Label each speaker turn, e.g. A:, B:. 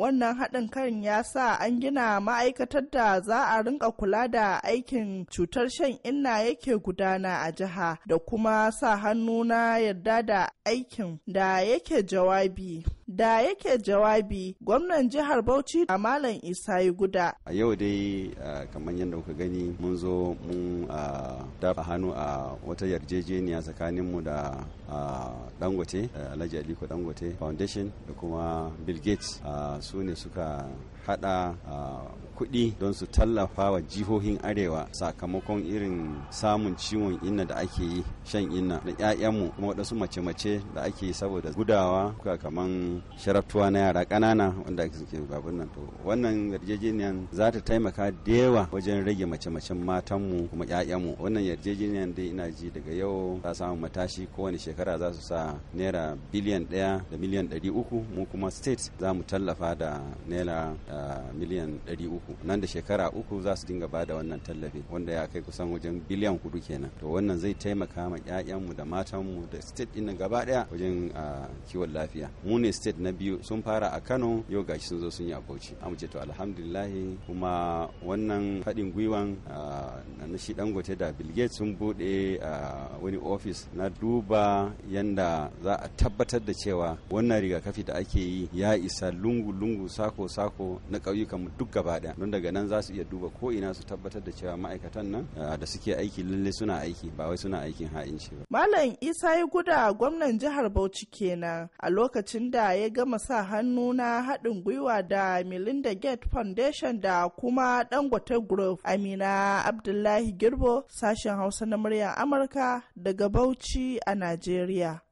A: wannan haɗin kan ya sa an gina ma'aikatar da za a rinka kula da aikin cutar shan inna yake gudana a jiha da kuma sa hannu na yarda da aikin da yake jawabi da yake jawabi gwamnan jihar bauchi a malam isa yi guda
B: a yau dai kamar yadda kuka gani mun zo mun dafa hannu a wata yarjejeniya tsakaninmu da dangote eh, alhaji aliko dangote foundation da kuma bill gates ah, su ne suka hada ah, kuɗi don su tallafa wa jihohin arewa sakamakon irin samun ciwon inna da ake yi shan inna da 'ya'yanmu kuma waɗansu mace-mace da ake yi saboda gudawa kuka kaman sharaftuwa na yara ƙanana wanda ake suke babun nan to wannan yarjejeniyan za ta taimaka da yawa wajen rage mace-macen matanmu kuma 'ya'yanmu wannan yarjejeniyan dai ina ji daga yau za samu matashi kowane shekara za su sa naira biliyan ɗaya da miliyan ɗari uku mu kuma state za mu tallafa da naira miliyan ɗari uku nan da shekara uku za su dinga bada wannan tallafi wanda ya kai kusan wajen biliyan hudu kenan to wannan zai taimaka ma ƴaƴanmu da matanmu da state ɗin gaba ɗaya wajen kiwon lafiya mu ne state na biyu sun fara a kano yau gashi sun zo sun yi a bauchi ce to alhamdulillahi kuma wannan haɗin gwiwan na shi dangote da bill gates sun buɗe wani ofis na duba yanda za a tabbatar da cewa wannan rigakafi da ake yi ya isa lungu-lungu sako-sako na ƙauyukanmu duk gaba ɗaya don daga nan za su iya duba ko ina su tabbatar da cewa ma'aikatan nan da suke aiki lalle suna aiki ba wai suna aikin ha'inci ba.
A: Malam Isa ya guda gwamnan jihar Bauchi kenan a lokacin da ya gama sa hannu na haɗin gwiwa da Melinda gate Foundation da kuma Dangote Group Amina Abdullahi Girbo sashen Hausa na muryar Amurka daga Bauchi a Najeriya.